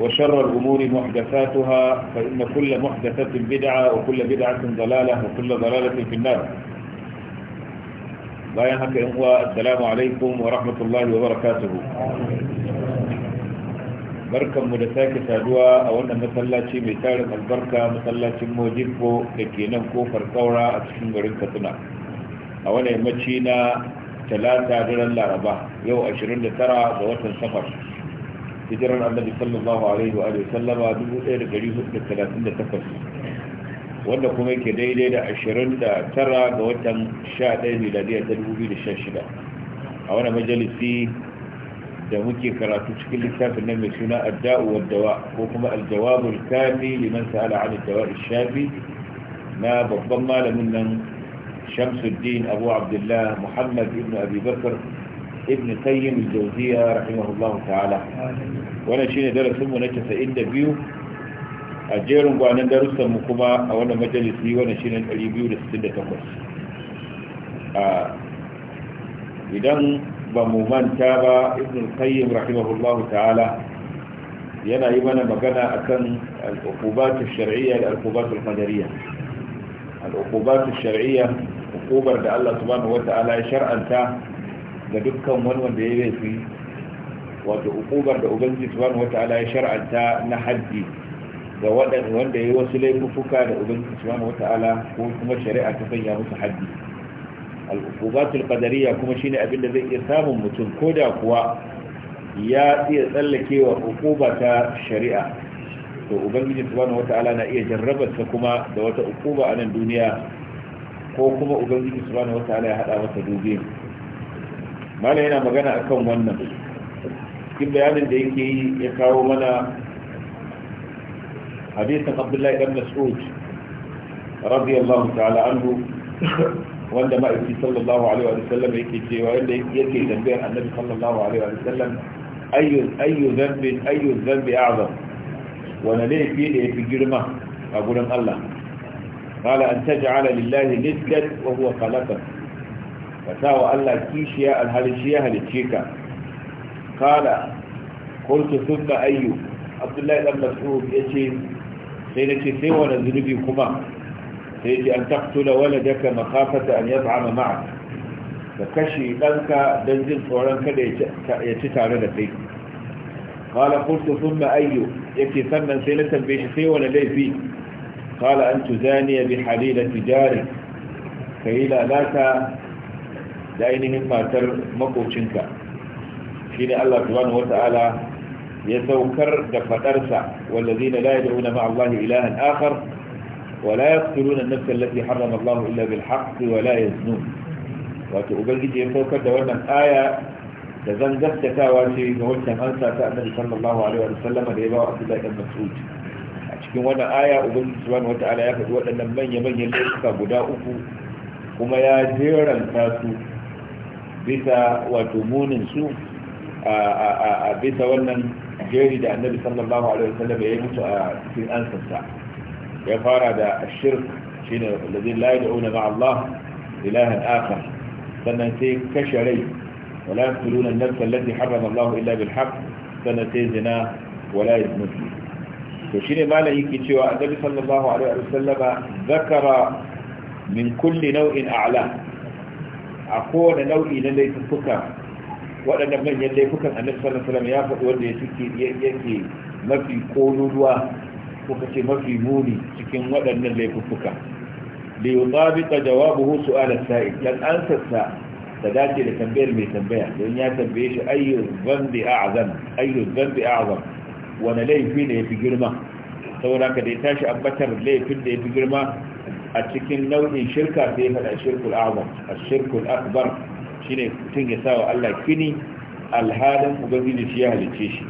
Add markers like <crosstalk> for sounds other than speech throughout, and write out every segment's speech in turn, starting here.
وشر الأمور محدثاتها فإن كل محدثة بدعة وكل بدعة ضلالة وكل ضلالة في النار باين هو السلام عليكم ورحمة الله وبركاته barkan mu da sake saduwa a wannan masallaci mai tarin albarka masallacin mojibbo da ke kofar kaura a cikin garin a wannan yammaci na talata laraba yau 29 ga watan safar هجران النبي صلى الله عليه وآله وسلم دبو إير قريب من الثلاثين تفس وانا كميك ديلي لعشرين دا ترى قوتن شاء دي ميلادية دبو بيد الشاشدة وانا مجلسي دموكي كراتو تشكل لكتاب النبي سنة الداء والدواء وكما الجواب الكافي لمن سأل عن الدواء الشافي ما بضمى لمن شمس الدين أبو عبد الله محمد بن أبي بكر ibn qayyim al-jawziya rahimahullahu ta'ala wannan shine darasin mu na 92 a jerin gwanan darussan mu kuma a wannan majalisi wannan shine 268 a idan ba mu manta ba ibn qayyim rahimahullahu yana yi mana magana a kan al'ukubatu ash da al'ukubatu al-qadariyya hukumar da Allah subhanahu ta'ala) ya shar'anta ga dukkan wani wanda ya laifi wato ukubar da ubangiji subhanahu wataala ya shar'anta na haddi ga wanda ya yi wasu laifuka da ubangiji subhanahu wataala ko kuma shari'a ta sanya musu haddi al-uqubatul qadariyya kuma shine abin da zai iya samun mutum ko da kuwa ya iya tsallakewa ukuba ta shari'a to ubangiji subhanahu wataala na iya jarrabarsa kuma da wata ukuba a nan duniya ko kuma ubangiji subhanahu wataala ya hada masa dubi malam yana magana akan wannan cikin bayanin da yake yi ya kawo mana hadisin abdullahi dan mas'ud radiyallahu ta'ala anhu wanda ma'aiki sallallahu alaihi wa sallam yake cewa yadda yake tambayar annabi sallallahu alaihi wa sallam ayyu ayyu dhanbi ayyu dhanbi a'zam wani laifi da yafi girma a gurin Allah qala an taj'ala lillahi nisbat wa huwa khalaqaka ka sa wa Allah kishiya alhalin shi ya halicce ka kala kultu sunna ayyu abdullahi dan mas'ud yace sai nace sai wani zunubi kuma sai yace an taqtula waladaka makhafata an yat'ama ma'ak ka kashi, danka dan jin tsoron kada ya ci tare da kai kala kultu sunna ayyu yace sannan sai na tambaye shi sai wani laifi kala an tuzaniya bi halilati jari kai lalata da ainihin matar makocinka shi ne Allah subhanahu wata'ala ya saukar da fadarsa wallazina la yad'una ma'a Allah ilahan akhar wa la yaqtuluna an-nafsa allati harrama Allah illa bil haqqi wa la yaznun wato ubangiji ya saukar da wannan aya da zan ce ga wancan ansa ta annabi sallallahu alaihi wa sallam da ya ba wa Abdullah ibn Mas'ud a cikin wannan aya ubangiji subhanahu wata'ala ya faɗi waɗannan manya-manyan laifuka guda uku kuma ya jeranta su bisa wato munin su a bisa wannan jeri da annabi sallallahu alaihi wasallam ya yi mutu a cikin ansarsa ya fara da ashirk shine alladhi la yad'una ma'a Allah ilahan akhar sannan sai kashe rai wala yaqtuluna an-nafsa allati harrama Allah illa bil haqq sannan sai zina wala yaznun to shine malam yake cewa annabi sallallahu alaihi wasallama zakara min kulli naw'in a'la a kowane nau'i na laifuka waɗannan manyan laifukan annabi sallallahu alaihi wasallam ya faɗi wanda ya suke yake mafi kololuwa ko kace mafi muni cikin waɗannan laifuka li yutabiqa jawabuhu su'al as-sa'il dan ansarsa ta dace da tambayar mai tambaya don ya tambaye shi ayyu dhanbi a'zam ayyu dhanbi a'zam wani laifi ne ya fi girma saboda ka dai ya tashi ambatar laifin da ya fi girma a cikin nau'in shirka sai ya faɗa shirkul azam shirkul akbar shine mutum ya sawa Allah kini alhalin ubangiji shi ya halicce shi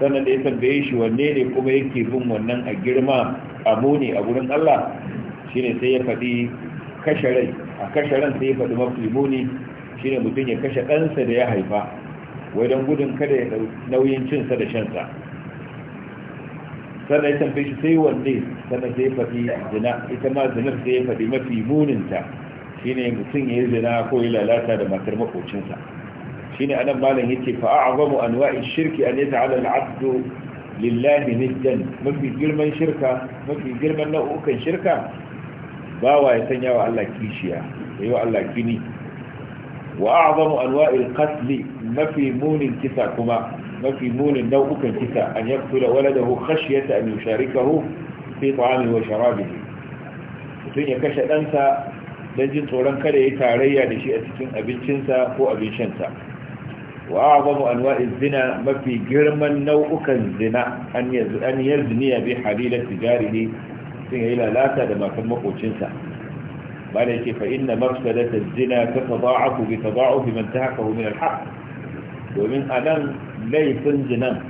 sannan da ya tambaye shi wanne ne kuma yake bin wannan a girma a muni a gurin Allah shine sai ya faɗi kashe rai a kashe ran sai ya faɗi mafi muni shine mutum ya kashe ɗansa da ya haifa wai don gudun kada ya nauyin cinsa da shansa sannan ya tambaye shi sai wanne sannan sai ya faɗi zina ita ma zinar sai ya faɗi mafi muninta shine mutum ya yi zina ko ya lalata da matar makocinsa shine anan malam yake fa a'zamu anwa'i shirki an yata'ala al-'abdu lillahi niddan mafi girman shirka mafi girman nau'ukan shirka bawa ya sanya wa Allah kishiya ya yi wa Allah gini wa a'zamu anwa'i al-qatl mafi munin kisa kuma mafi munin nau'ukan kisa an yaktula waladahu khashyata an yusharikahu fi ta'amihi wa sharabihi mutum ya kashe ɗansa don jin tsoron kada ya tarayya da shi a cikin abincinsa ko abin shansa wa azamu anwa'iz zina mafi girman nau'ukan zina an yazniya bi halilat tijarihi sun yi lalata da masu makocinsa bala yake fa da ta zina tatada'afu bi tada'ufi man tahaqahu min al-haqq domin a nan laifin zinan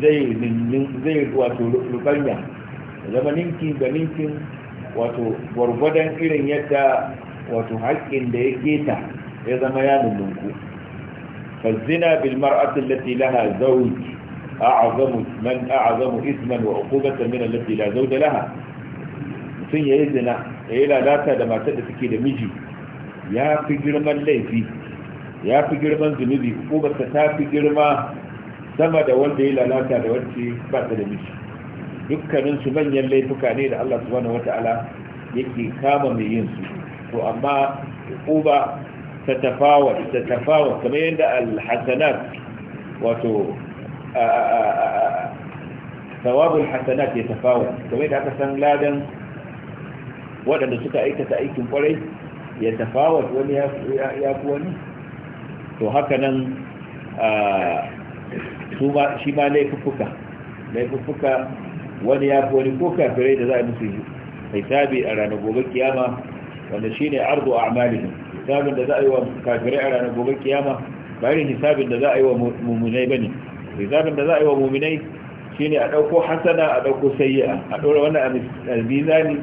zai wato rubanya zama ninki da ninkin wato gwargwadon irin yadda wato haƙƙin da ya keta ya zama ya nunku فالزنا بالمرأة التي لها زوج أعظم من أعظم إثما وعقوبة من التي لا زوج لها mutum ya yi zina ya yi lalata da matar da suke da miji ya fi girman laifi ya fi girman zunubi hukumarsa ta fi girma sama da wanda ya lalata da wacce ba ta da mishi dukkanin su manyan laifuka ne da Allah subhanahu wata'ala yake kama mai yin su to amma hukuma ta tafawa ta tafawa kamar yadda alhasanat wato sawabul hasanat ya tafawa kamar yadda aka san ladan waɗanda suka aikata aikin kwarai ya tafawa wani ya fi wani to haka nan shi ma laifuffuka laifuffuka wani ya fi wani ko kafirai da za a musu haisabi a ranar gobe kiyama wanda shi ne ardu a amalin hisabin da za a yi wa kafirai a ranar gobe kiyama bayan hisabin da za a yi wa mummunai ba ne hisabin da za a yi wa mummunai shi ne a ɗauko hasana a ɗauko sayi'a a ɗora wannan albizani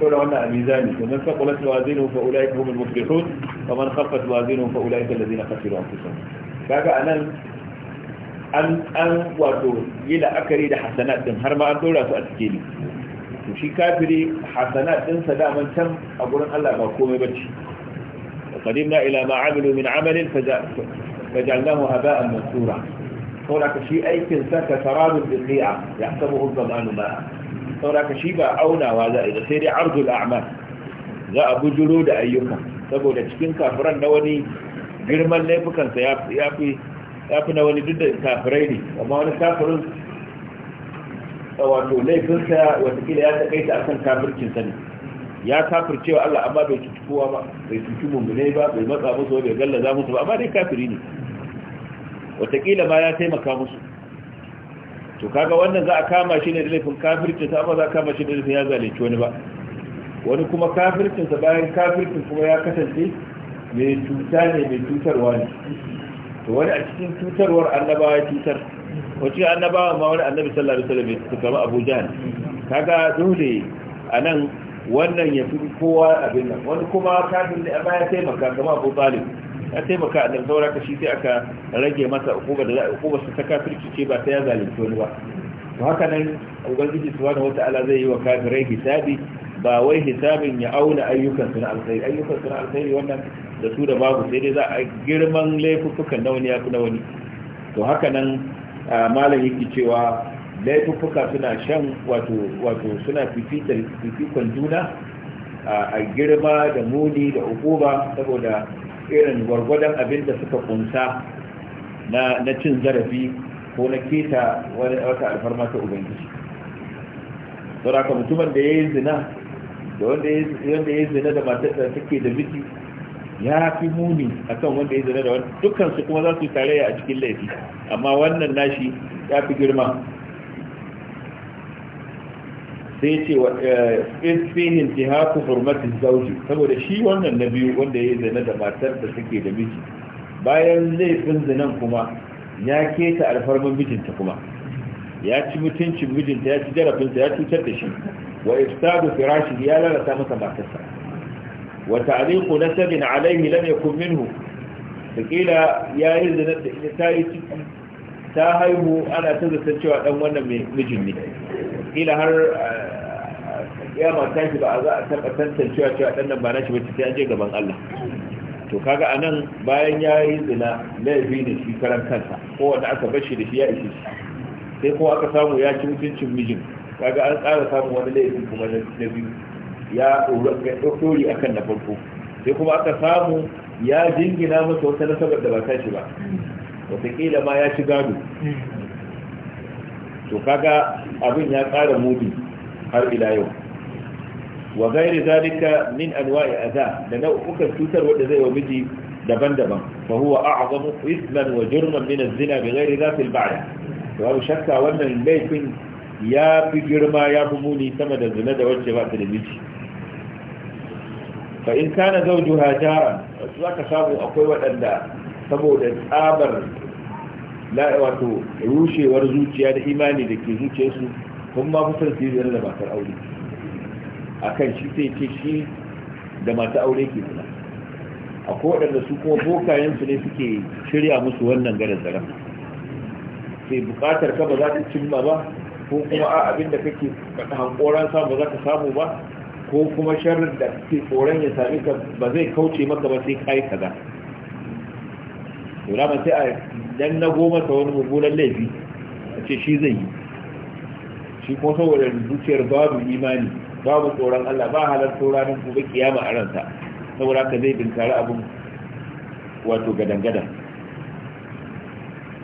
تحصل على ميزانه ومن ثقلت موازينه فاولئك هم المفلحون ومن خفت موازينه فاولئك الذين خسروا انفسهم كذا انا ان ان واتو إلى اكري لحسنات حسنات دين هر ما ان دورا سو اتكيني كافري حسنات دين سداما تم اقول الله ما كومي بچي وقدمنا الى ما عملوا من عمل فجعلناه هباء منثورا هناك شيء اي كنسك سراب بالقيعه يحسبه الظمان ماء ka shi ba aunawa za a sai dai arzul a'mal za a bujuro da ayyuka saboda cikin kafiran na wani girman laifukansa ya fi na wani duk da kafirai ne amma wani kafirin wato laifinsa watakila ya takaita akan kafircinsa ne ya cewa Allah amma bai cuci kowa ba bai cuci mummune ba bai matsa musu bai gallaza musu ba amma dai kafiri ne watakila ma ya taimaka musu to kaga wannan za a kama shi ne da laifin kafircin sa amma za a kama shi da laifin ya zalunci wani ba wani kuma kafircin sa bayan kafircin kuma ya kasance mai cuta ne mai cutarwa ne to wani a cikin cutarwar annabawa ya cutar wacce annabawa ma wani annabi sallallahu alaihi wasallam ya kama Abu Jahl kaga dole anan wannan ya fi kowa abin nan wani kuma kafin da ya baya taimaka kama Abu Talib a taimaka annabi saura ka shi sai aka rage masa hukuma da hukuma su ta kafirci ce ba ta ya zalunci wani ba to haka nan ubangiji subhanahu wata'ala zai yi wa kafirai hisabi ba wai hisabin ya auna ayyukan su na alkhairi ayyukan su na alkhairi wannan da su da babu sai dai za a girman laifukan na wani ya fi na wani to haka nan malam yake cewa laifuka suna shan wato wato suna fifita fifikon juna a girma da muni da ukuba saboda irin gwargwadon abin da suka kunsa na cin zarafi ko na keta wata alfarma ta ubangiji sauraka mutumin da ya yi zina da wanda ya yi zina da matar da take da miki ya fi muni akan wanda ya zina da wani dukansu kuma za su yi a cikin laifi amma wannan nashi ya fi girma sai ce wa eh, fihi intihaku hurmatin zauji saboda shi wannan na biyu wanda ya zina da matar da suke da miji bayan laifin zinan kuma ya keta alfarman mijinta kuma ya ci mutuncin mijinta ya ci jarafinsa ya cutar da shi wa ifsadu firashi ya lalata masa matarsa wa ta'liqu nasabin alayhi lam yakun minhu sakila ya yi zina ta yi ciki ta haihu ana ta zata cewa dan wannan mijin ne kila har eh, kiyama ta shi ba a za a taba tantancewa cewa dan nan ba na shi ba sai an je gaban Allah to kaga anan bayan ya yi zina laifi ne shi karan kansa ko wanda aka bar shi da shi ya ishe shi sai ko aka samu ya ci mutuncin mijin kaga an tsara samun wani laifin kuma na biyu ya ɗori akan na farko sai kuma aka samu ya jingina masa wata nasabar da ba ta shi ba wataƙila ma ya ci gado to kaga abin ya ƙara mudi har ila yau wa gairi zalika min anwa'i adha da nau'ukan cutar wanda zai wa miji daban-daban fa huwa a'zamu isman wa jurman min az-zina bi ghairi dhati al-ba'da to abu shakka wannan laifin ya fi girma ya fi muni sama da zina da wacce ba ta da miji fa in kana zawjuha jara zaka samu akwai wadanda saboda tsabar wato rushewar zuciya da imani da ke zuciyarsu kuma ma kusan su yi da matar aure akan shi sai ce shi da masu aure ke suna a waɗanda su kuma bokayensu ne suke shirya musu wannan ganin zaren sai bukatar ka ba za ta cimma ba ko kuma a abin da kake hankoran samu za ka samu ba ko kuma sharrin da ke tsoron ya sami ka ba zai kauce maka ba sai kai kaza to rama sai a dan na goma ta wani mummunan laifi a ce shi zai yi shi kuma saboda zuciyar babu imani babu tsoron Allah ba halarta ranar gobe kiyama a ransa saboda ka zai dinkari abin wato gadangadan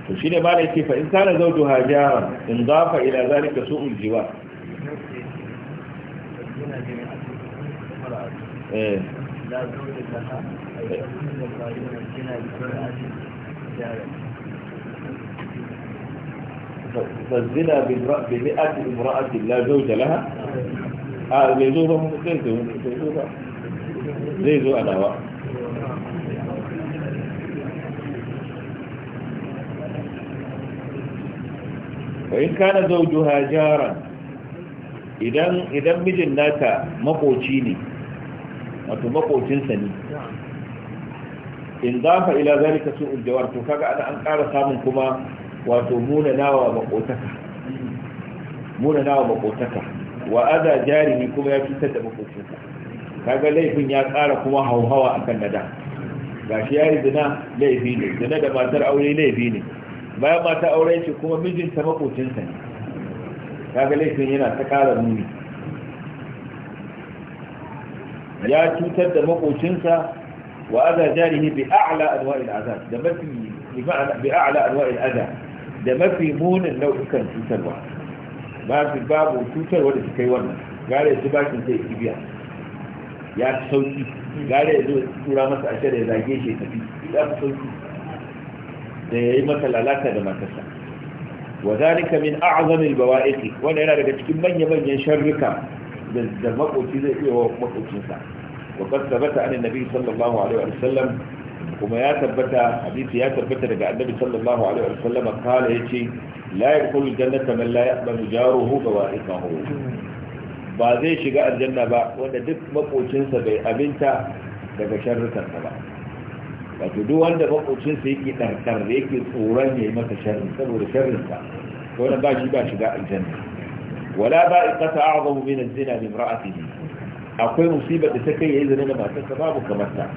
to shi ne mala yake fa in kana zaudu hajara in zafa ila zalika su'ul jiwa فالزنا بمرأة لا زوج لها a zai zo ba zai zo zai zo ba zai zo a nawa wa in kana zawjuha idan idan mijin nata makoci ne wato makocinsa ne in zafa ila zalika in jawar to kaga ana an ƙara samun kuma wato muna nawa makotaka muna nawa makotaka wa aza jarihi kuma ya cutar da makocinsa kaga laifin ya kara kuma hauhawa a akan nada gashi ya yi zina laifi ne zina da matar aure laifi ne bayan mata aure ce kuma mijinta makocinsa ne kaga laifin yana ta kara nuni ya cutar da makocinsa wa aza jarihi bi a'la anwa'il azab da mafi bi a'la anwa'il azab da mafi munin nau'ikan cutarwa babu babu cutar wanda ta kai wannan gare ya ci bakin sai ibiya ya fi sauki gare ya zo tura masa ashar ya zage shi tafi ya fi sauki da ya yi masa lalata da matarsa wa zalika min a'zamil bawa'iqi wanda yana daga cikin manya-manyan sharrika da da makoci zai iya wa makocinsa wa qad thabata an annabi sallallahu alaihi wa sallam kuma ya tabbata hadisi ya tabbata daga annabi sallallahu alaihi wa sallam kala yace la yadkhulu jannata man la yaqbalu jaruhu bawa'iqahu ba zai shiga aljanna ba wanda duk makocinsa bai aminta daga sharrukansa ba wato duk wanda makocinsa yake ɗarɗar da yake tsoron ya yi masa sharri saboda sharrinsa to wannan ba shi ba shiga aljanna wala ba iqata a'zamu min az-zina bi imra'atihi akwai musibar da take yayi zina da matarsa babu kamar ta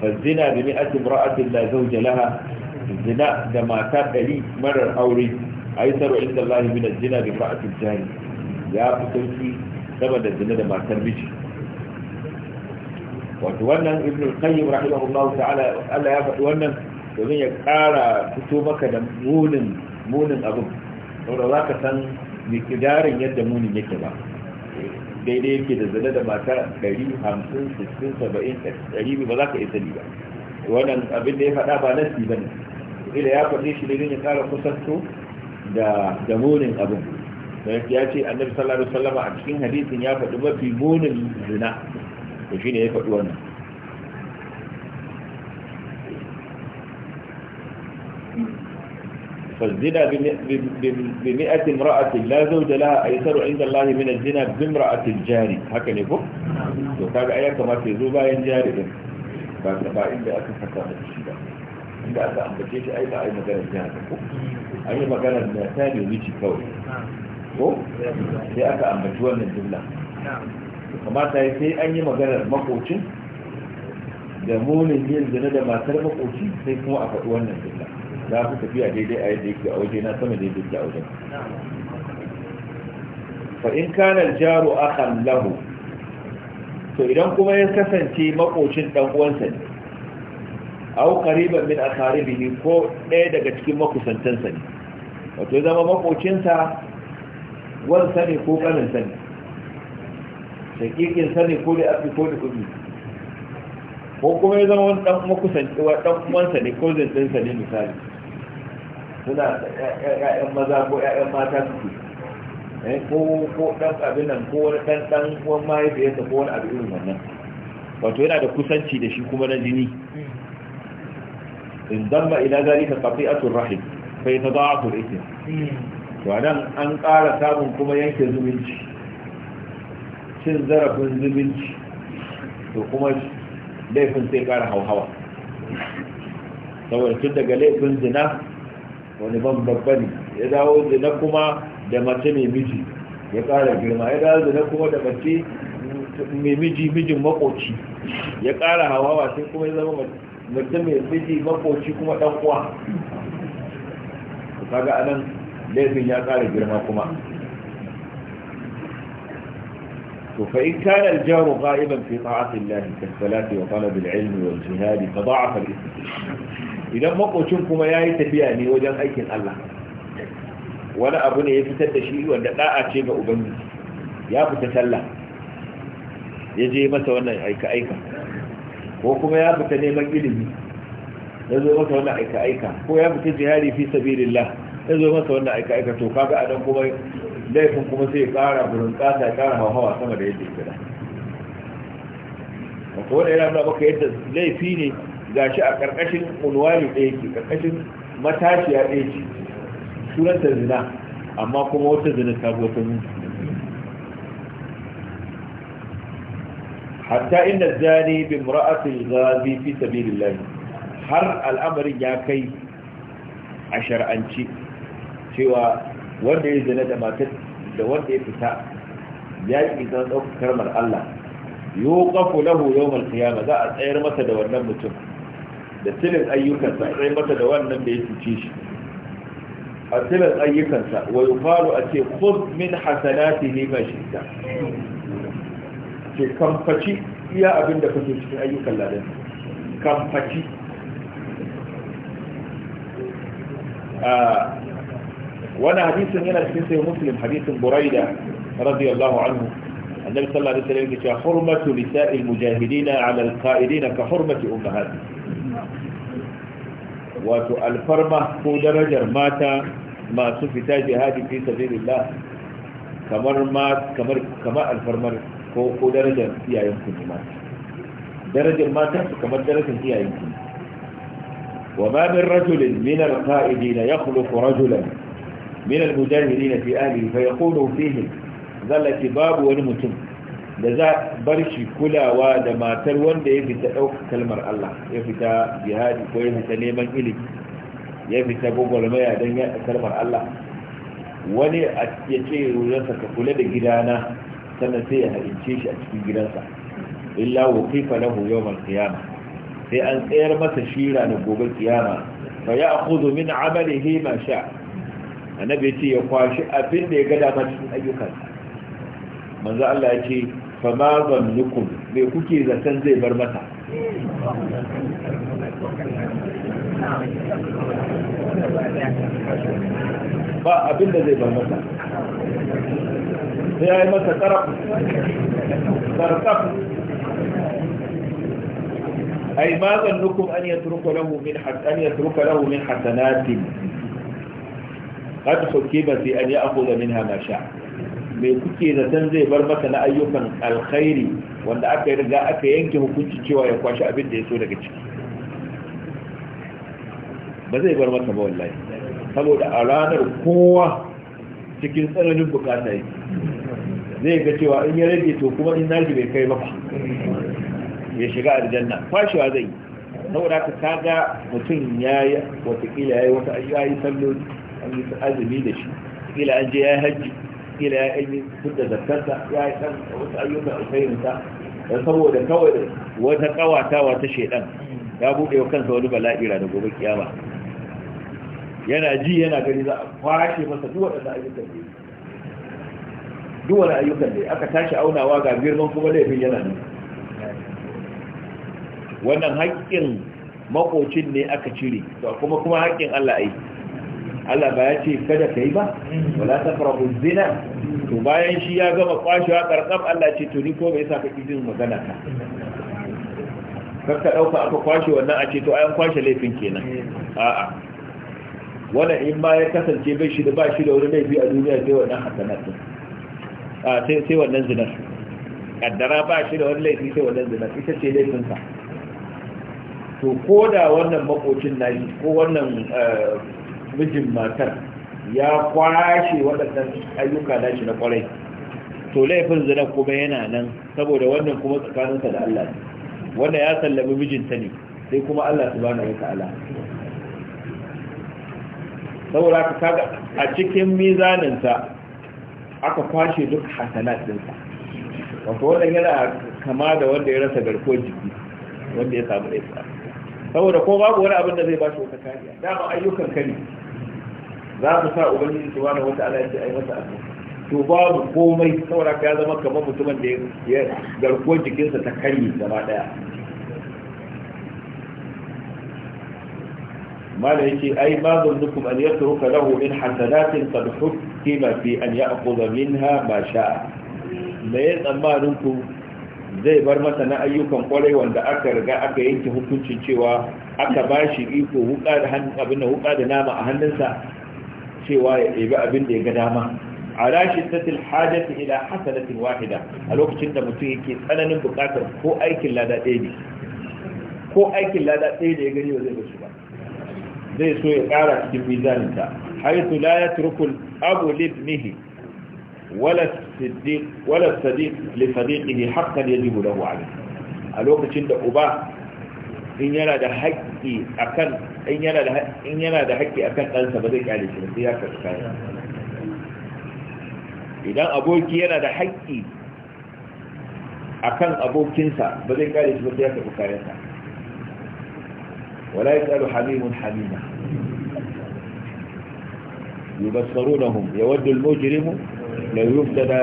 fazina bi mi'ati imra'atin la zawja laha zina da mata ɗari marar aure aisaru inda zina bi imra'atin jari ya fi sauki sama da zina da matar miji wato wannan ibn ya faɗi wannan domin ya ƙara fito maka da munin munin abin saboda za ka san mikidarin yadda munin yake ba daidai yake da zane da mata 150-60-70 ba za ka isa ni ba wannan abin da ya faɗa ba na ba ne ila ya faɗe shi daidai ya ƙara kusanto da da abin da ya ce annabi sallallahu alaihi wasallam a cikin hadisin ya faɗi mafi monin zina shi ne ya faɗi wannan فالزنا بمئة امرأة لا زوج لها أيسر عند الله من الزنا بامرأة الجاري هكذا يقول وكان ما في زوبا ينجاري بعد ما إلا أكون حتى تشيبا إلا من أمبكيش أي ما أي مكان الجاري أي مكان الثاني ويجي كوي ko sai من ambaci wannan jumla kamata ya sai an yi maganar makocin da munin yin zina da matar makoci sai ta fi tafiya daidai a yadda yake a waje na sama da yadda a wajen fa in kana jaru akan lahu to idan kuma ya kasance makocin dan uwansa ne aw qariban min aqaribihi ko ɗaya daga cikin makusantansa ne wato ya zama makocinsa wansa ne ko kanin sani shakikin sani ko da afi ko da ubi ko kuma ya zama wani dan makusanci wa dan uwansa ne ko zai ne misali suna ƴaƴan maza ko ƴaƴan mata suke eh, ko ko dan abin nan ko wani dan dan ko mahaifiyarsa ko wani abu irin wannan wato yana da kusanci da shi kuma na jini in damma ila zalika qati'atur rahim fa yatada'afu al-ithm to anan an ƙara samun kuma yanke zumunci cin zarafin zumunci to kuma laifin sai ƙara hauhawa saboda tun daga laifin zina wani ban babba ne ya dawo zina kuma da mace mai miji ya ƙara girma ya dawo zina kuma da mace mai miji mijin makoci ya ƙara hawawa sai kuma ya zama mace mai miji makoci kuma ɗan ka kaga anan laifin ya ƙara girma kuma فإن كان الجار غائبا في طاعة الله كالصلاة وطلب العلم fa فضاعف الإثم idan makocin kuma ya yi tafiya ne wajen aikin Allah wani abu ne ya fitar da shi wanda da'a ce ga ubangiji ya fita sallah ya je masa wannan aika-aika ko kuma ya fita neman ilimi ya zo masa wannan aika-aika ko ya fita jihari fi sabilillah ya zo masa wannan aika-aika to kaga a nan kuma laifin kuma sai ya kara burin kasa ya kara hauhawa sama da yadda ya kira wato wanda yana nuna maka yadda laifi ne gashi a karkashin unwani ɗaya ke karkashin matashiya ɗaya ce sunanta zina amma kuma wata zina ta wata mutu hatta inda zani bi mura'atul ghazi fi sabilillah har al'amarin ya kai a shar'anci cewa wanda ya zina da matar da wanda ya fita ya yi idan ɗaukar karmar Allah yuqafu lahu yawmal qiyamah za a tsayar masa da wannan mutum da tilin ayyukansa sai mata da wannan da ya cuce shi a tilin ayyukansa wa yuqalu a ce khudh min hasanatihi ma shi'ta ce kamfaci iya abin da kake cikin ayyukan ladan kamfaci a wani hadisin yana cikin sai muslim hadisin buraida radiyallahu anhu النبي صلى الله عليه وسلم يقول حرمة نساء المجاهدين على القائدين كحرمة أمهاتهم wato alfarma ko darajar mata masu fita jihadi fi sabilillah kamar ma kamar kamar alfarmar ko ko darajar iyayen ku ne mata darajar mata su kamar darajar iyayen ku wa ma min rajulin min alqa'idin yakhluqu rajulan min almujahidin fi ahlihi fa yaqulu fihi babu wani mutum da za bar shi kulawa da matar wanda ya fita ɗaukar kalmar Allah ya fita jihadi ko ya fita neman ilimi ya fita gwagwarmaya don yaɗa kalmar Allah wani ya ce rurarsa ka kula da gidana sannan sai ya halince shi a cikin gidansa illa wukifa lahu yawmal qiyama sai an tsayar masa shira na gobe kiyama fa ya ya'khudhu min 'amalihi ma sha annabi ya ce ya kwashi abin da ya ga dama cikin ayyukansa manzo Allah ya ce fama zannukum me kuke zaton zai bar mata ba abin da zai bar mata sai ya yi masa ƙaraf ƙarfaf ai ma zannukum an yatruka lahu min hasan yatruka lahu min hasanatin qad hukiba fi an ya'khudha minha ma sha'a suke kuke san zai bar masa na ayyukan alkhairi wanda aka riga aka yanke hukunci cewa ya kwashi abin da ya so daga ciki ba zai bar masa ba wallahi saboda a ranar kowa cikin tsananin bukata yake zai ga cewa in ya rage to kuma in naji bai kai maka ya shiga aljanna kwashewa zai yi saboda ka kaga mutum ya yi watakila ya yi wata ayyuka yi an yi azumi da shi kila an je ya yi hajji kila ya yi duk da zartarsa ya yi san wasu ayyukan alkhairinsa don saboda kawai wata kawata wata shaidan ya buɗe wa kansa wani bala'ira da gobe kiyama yana ji yana gani za a kwashe masa duk waɗanda ayyukan da duk wani ayyukan da aka tashi aunawa ga girman kuma laifin yana nan wannan haƙƙin makocin ne aka cire to kuma kuma haƙƙin Allah ai Allah ba ya ce kada ka yi ba wala ta farahu zina to bayan shi ya gama kwashewa karkam Allah ce to ni ko bai sa ka ƙi jin magana ka karka dauka aka kwashe wannan a ce to ayan kwashe laifin kenan a'a wannan in ma ya kasance bai shi da ba shi da wani laifi a duniya sai wannan hasanat a sai sai wannan zinar kaddara ba shi da wani laifi sai wannan zinar ita ce laifin to ko da wannan makocin nashi ko wannan eh, mijin matar ya kwashe waɗannan ayyuka na shi na kwarai to laifin zina kuma yana nan saboda wannan kuma tsakaninsa da Allah ne wanda ya sallami mijinta ne sai kuma Allah subhanahu wa ta'ala saboda ka kaga a cikin mizaninsa aka kwashe duk hasanat dinsa wato wannan yana kama da wanda ya rasa garkuwar jiki wanda ya samu laifi saboda ko babu wani abin da zai ba shi wata kariya dama ayyukan ka ne za mu sa ubangiji subhanahu wata'ala ya ce ai masa addu'a to babu komai saboda ya zama kamar mutumin da ya garkuwar jikinsa ta karye gaba daya mala yake ai ma zannukum an yatruka lahu in hasanatin qad hukima fi an ya'khudha minha ma sha'a me ya tsammanin ku zai bar masa na ayyukan kwarai wanda aka riga aka yanke hukuncin cewa aka ba shi iko huka da abin da huka da nama a hannunsa cewa ya ɗebi abin da ya ga dama ala shiddatil hajati ila hasanatin wahida a lokacin da mutum yake tsananin bukatar ko aikin lada ɗaya ne ko aikin lada ɗaya da ya gani ba zai bashi ba zai so ya ƙara cikin mizaninta haythu la yatruku abu libnihi wala siddiq wala sadiq li hakan ya yajibu lahu alayh a lokacin da uba in yana da haƙƙi akan in yana da in yana da haƙƙi akan ɗansa ba zai kyale shi sai ya karɓi kayan idan aboki yana da haƙƙi akan abokinsa ba zai kyale shi ba sai ya karɓi kayansa wala yasalu hamimun hamima يبصرونهم يود المجرم لو يفتدى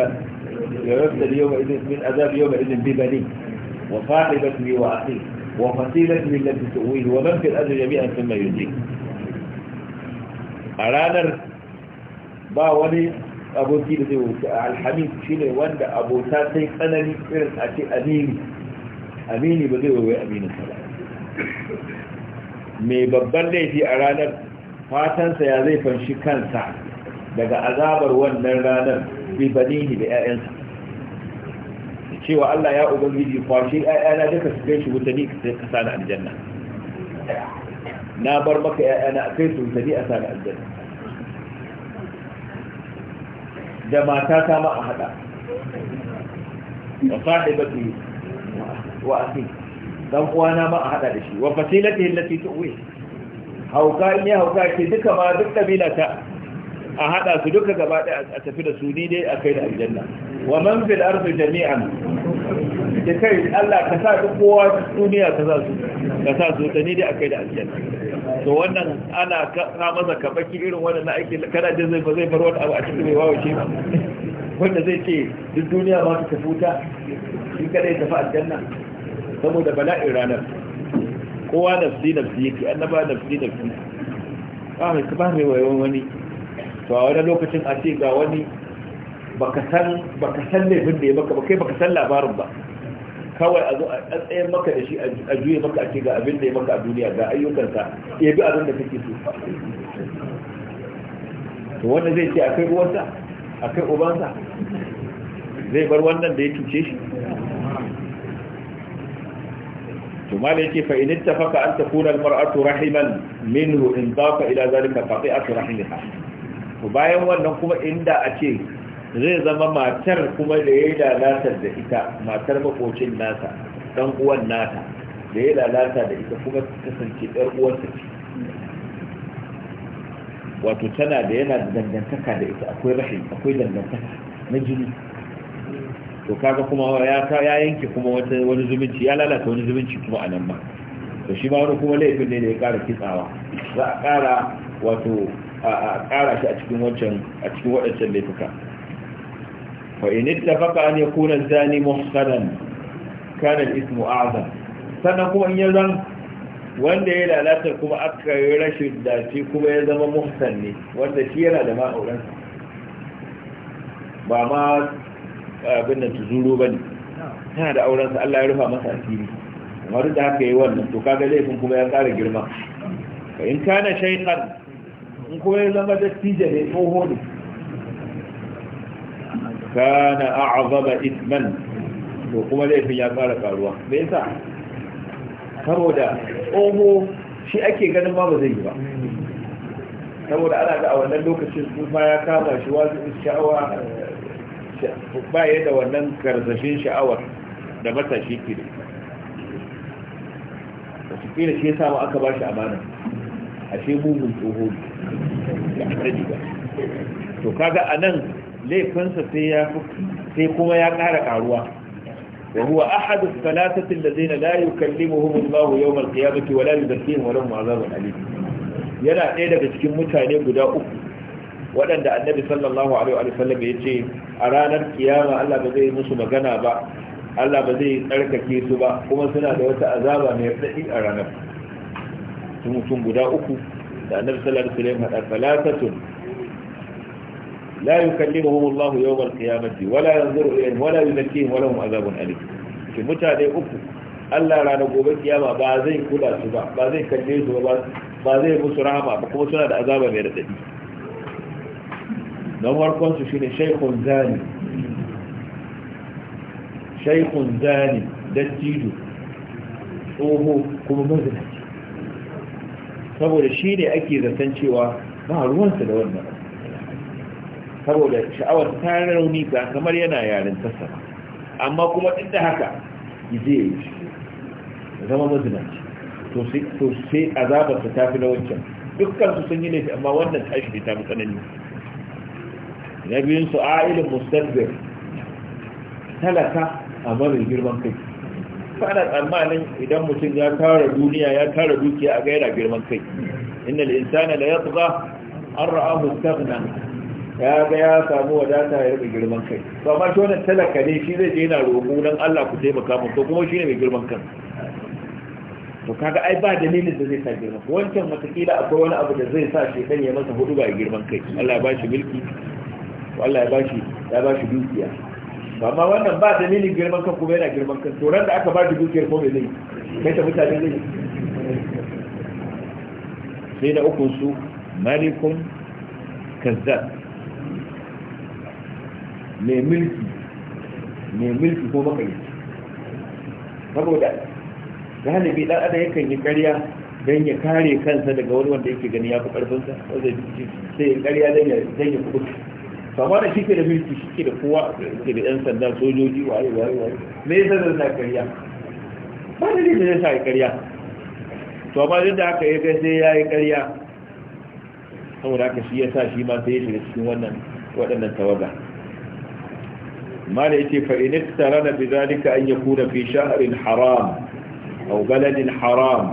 لو يفتدى يومئذ من عذاب يومئذ ببنيه وصاحبته وأخيه وفصيلته التي تؤويه ومن في الأرض جميعا ثم يجيك أرانر با وني أبو سيدة الحميد شيني واند أبو تاتي أنني إرس أتي أميني أميني بذي وهو أمين الصلاة mai babban laifi a ranar fatansa ya zai fanshi kansa daga azabar wannan ranar bibanihi da 'ya'yansa cewa Allah ya ubangiji kwashe ƴaƴana duka su kai shi wuta ni ka sani aljanna na bar maka ƴaƴana a kai su wuta a sani aljanna da mata ta ma a hada wa sahibati wa akhi dan uwana ma a hada da shi wa fasilatihi allati tuwi hauka in ya hauka ke duka ma duk kabila ta a hada su duka gaba daya a tafi da su ni dai a kai da aljanna wa man fil ardi jami'an da kai Allah ka sa duk kowa duniya ka sa su ka sa su da ni dai a kai da aljanna to wannan ana ka masa kabaki irin wannan aiki kana jin zai zai bar wani abu a cikin wawo shi wanda zai ce duk duniya ma ta futa shi kada ya tafi aljanna saboda bala'in ranar kowa nafsi nafsi yake annaba nafsi nafsi ba mai ba mai wayon wani to a wani lokacin a ce ga wani baka san laifin da ya maka ba kai baka san labarin ba kawai a zo a tsayen maka da shi a juye maka a ce ga abin da ya maka a duniya ga ayyukansa ya bi abin da kake so to wanda zai ce akai uwarsa akai ubansa zai bar wannan da ya cuce shi to mala yake fa in ittafaqa an takuna al-mar'atu rahiman minhu in dafa ila zalika qati'atu rahimha to bayan wannan kuma inda a ce zai zama matar kuma da ya yi lalata da ita matar makocin nasa ɗan uwan nata da ya lalata da ita kuma kasance ɗan ta ce wato tana da yana da dangantaka da ita akwai rashin akwai dangantaka na jini to kaga kuma ya ya yanke kuma wani zumunci ya lalata wani zumunci kuma a nan ma to shi ma wani kuma laifin ne da ya kara kitsawa za a kara wato a ƙara shi a cikin wancan a cikin waɗancan laifuka fa in ittafaqa an yakuna zani muhsanan kana ismu a'zam sannan kuma in ya zan wanda ya lalata kuma aka yi rashin dace kuma ya zama muhsan ne wanda shi yana da ma'auran ba ma abin da tuzuru bane yana da auren sa Allah ya rufa masa asiri amma duk da haka yi wannan to kaga laifin kuma ya kara girma fa in kana shaykhan in kuma ya zama dattijo ne tsoho ne kana azaba isman to kuma laifin ya fara karuwa me yasa saboda tsoho shi ake ganin ma ba zai yi ba saboda ana ga a wannan lokacin tsufa ya kama shi wasu sha'awa ba ya da wannan karzashin sha'awar da matashi ke da shi ke shi ya samu aka ba shi amana ashe mugun tsoho ne da sani ba to kaga anan laifinsa sai ya sai kuma ya ƙara ƙaruwa wa huwa ahadu thalathati alladhina la yukallimuhum Allahu yawm al-qiyamati wa la yuzakkihim wa lahum azabun alim yana ɗaya daga cikin mutane guda uku waɗanda annabi sallallahu alaihi wa sallam ya ce a ranar kiyama Allah ba zai musu magana ba Allah ba zai tsarkake su ba kuma suna da wata azaba mai raɗaɗi a ranar su mutum guda uku da annabi sallallahu alaihi wasallam hada falatatun la yukallimuhum Allah yawm al-qiyamati wala yanzuru ilayhim wala yuzakkihim wa lahum azabun alim ki mutane uku Allah rana gobe kiyama ba zai kula su ba ba zai kalle su ba ba zai musu rahama ba kuma suna da azaba mai radadi na farkon su shine shaykhun zani shaykhun zani dattijo tsoho kuma mazinaci saboda shi ne ake zaton cewa ba ruwansa da wannan saboda sha'awar ta rauni ga kamar yana yaren tasa amma kuma duk da haka yaje ya yi zama mazinaci to sai azabarsa ta fi na wancan dukkan su sun yi laifi amma wannan tashi ta fi tsanani na biyun su a'ilin mustadbir talaka a mara girman kai kana tsammanin idan mutum ya tara duniya ya tara dukiya a gaira girman kai innal insana la yatgha an ra'ahu istaghna ya ga ya samu wadata ya rike girman kai to amma shi wannan talaka ne shi zai je yana roƙo dan Allah ku taimaka mu to kuma shine mai girman kan to kaga ai ba dalilin da zai sa girman wancan matakila akwai wani abu da zai sa shi dan ya masa hudu ba girman kai Allah ya bashi milki? Allah ya bashi ya bashi dukiya amma wannan ba nini girman kan kuma yana girman kan to da aka ba da dukiyar ko mai zai kai ta mutane zai sai na ukun su malikun kazzab mai mulki mai mulki ko makarici saboda galibi dan adam yakan yi ƙarya don ya kare kansa daga wani wanda yake gani ya fi ƙarfinsa wanda sai ya karya don ya kuɓuta kama da shi ke da milki shi ke da kowa ke da yan sanda sojoji waye waye waye me yasa da ta karya ba ne da yasa zai sa karya to amma duk da haka ya ga sai ya yi karya saboda haka shi yasa shi ma sai ya shiga cikin wannan waɗannan tawaga ما لأتي فإن اقترن بذلك أن يكون في شهر حرام أو بلد حرام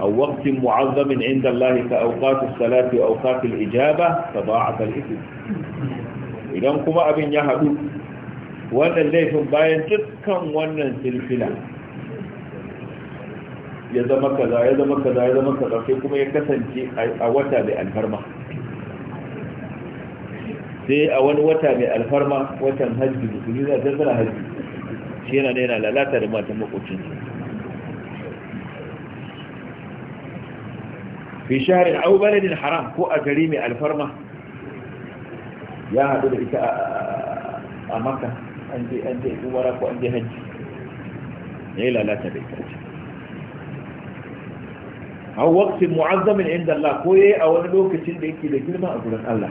أو وقت معظم عند الله كأوقات الصلاة وأوقات الإجابة تضاعف الإثم idan kuma abin ya haɗu wannan laifin bayan dukkan wannan silsila ya zama kaza ya zama kaza ya zama kaza sai kuma ya kasance a wata mai alfarma sai a wani wata mai alfarma watan hajji musulmi za ta tsara hajji shi yana da yana lalata da matan makocinsu fi shaharin au baladin haram ko a gari mai alfarma ya haɗu da ita a maka an je an je umara ko an je hajji ya yi lalata da ita a waktin mu'azzamin inda Allah ko yayi a wani lokacin da yake da girma a gurin Allah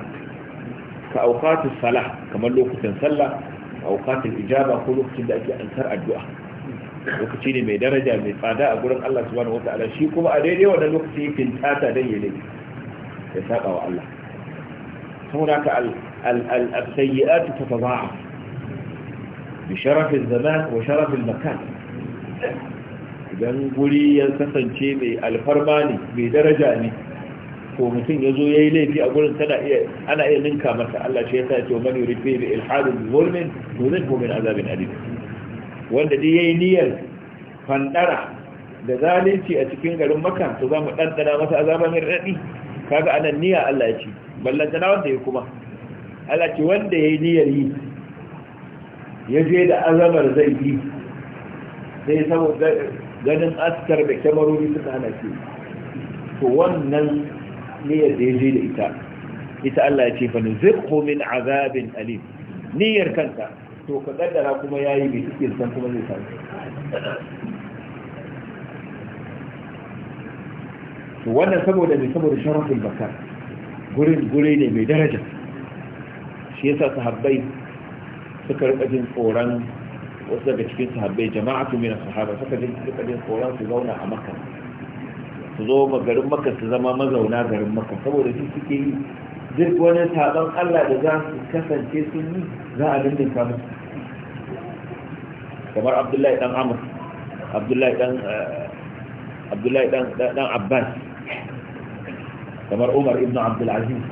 ka auqatus salah kamar lokutan sallah auqatul ijaba ko lokacin da ake ansar addu'a lokaci ne mai daraja mai tsada a gurin Allah subhanahu wataala shi kuma a daidai wannan lokaci yake tata dan yayi ya saba wa Allah saboda ka السيئات تتضاعف بشرف الزمان وشرف المكان idan guri ya kasance mai alfarma ne mai daraja ne ko mutum ya zo ya yi laifi a gurin tana iya ana iya ninka masa Allah shi ya sa ce man yurifi bi ilhadin zulmin to zai ko min azabin alim wanda dai yayi niyyar fandara da zalunci a cikin garin Makka to za mu dandana masa azaban radadi kaga anan niyya Allah ya ci ballantana wanda ya kuma Allah wanda ya yi niyyar yi ya je da azamar zai yi sai saboda ganin askar da kyamarori suka hana shi to wannan niyyar da ya je da ita ita Allah ya ce bani zai min azabin alim niyyar kanta to ka kaddara kuma ya yi mai cikin san kuma zai samu to wannan saboda ne saboda sharafin bakar gurin gure ne mai daraja shi yasa sahabbai suka rika jin tsoron wasu daga cikin sahabbai jama'atu min sahaba suka jin suka jin tsoron su zauna a makka su zo garin makka su zama mazauna garin makka saboda su suke yi duk wani sabon Allah da za su kasance sun yi za a dindinka musu kamar Abdullahi dan amur Abdullahi dan eh, Abdullahi dan Abbas kamar Umar ibn Abdul Aziz